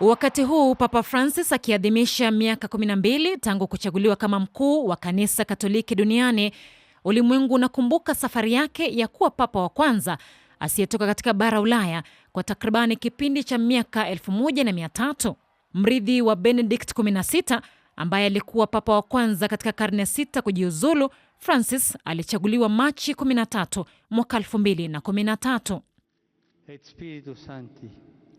Wakati huu Papa Francis akiadhimisha miaka 12 tangu kuchaguliwa kama mkuu wa kanisa Katoliki duniani, ulimwengu unakumbuka safari yake ya kuwa papa wa kwanza asiyetoka katika bara Ulaya kwa takribani kipindi cha miaka 1300. Mrithi wa Benedict 16 ambaye alikuwa papa wa kwanza katika karne sita kujiuzulu, Francis alichaguliwa Machi 13 mwaka 2013.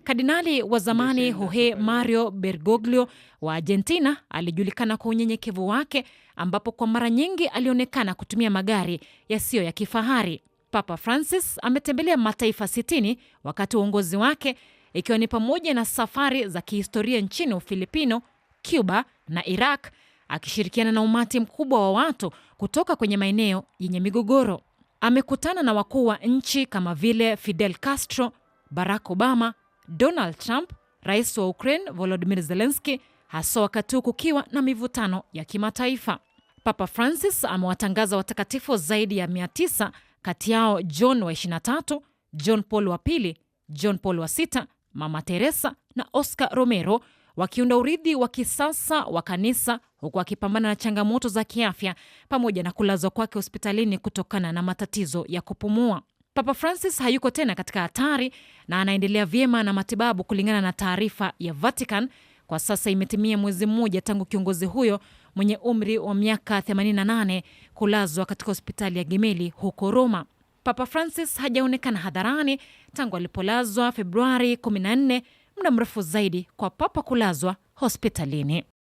Kardinali wa zamani Jorge Mario Bergoglio wa Argentina alijulikana kwa unyenyekevu wake, ambapo kwa mara nyingi alionekana kutumia magari yasiyo ya kifahari. Papa Francis ametembelea mataifa 60 wakati wa uongozi wake, ikiwa ni pamoja na safari za kihistoria nchini Ufilipino, Cuba na Iraq, akishirikiana na umati mkubwa wa watu kutoka kwenye maeneo yenye migogoro. Amekutana na wakuu wa nchi kama vile Fidel Castro, Barack Obama Donald Trump, rais wa Ukraine volodimir zelenski hasa wakati huu kukiwa na mivutano ya kimataifa. Papa Francis amewatangaza watakatifu zaidi ya 900 kati yao John wa 23, John Paul wa pili, John Paul wa sita, Mama Teresa na Oscar Romero wakiunda urithi wa kisasa wa kanisa huku akipambana na changamoto za kiafya pamoja na kulazwa kwake hospitalini kutokana na matatizo ya kupumua. Papa Francis hayuko tena katika hatari na anaendelea vyema na matibabu, kulingana na taarifa ya Vatican. Kwa sasa imetimia mwezi mmoja tangu kiongozi huyo mwenye umri wa miaka 88 kulazwa katika hospitali ya Gemelli huko Roma. Papa Francis hajaonekana hadharani tangu alipolazwa Februari 14, muda mrefu zaidi kwa papa kulazwa hospitalini.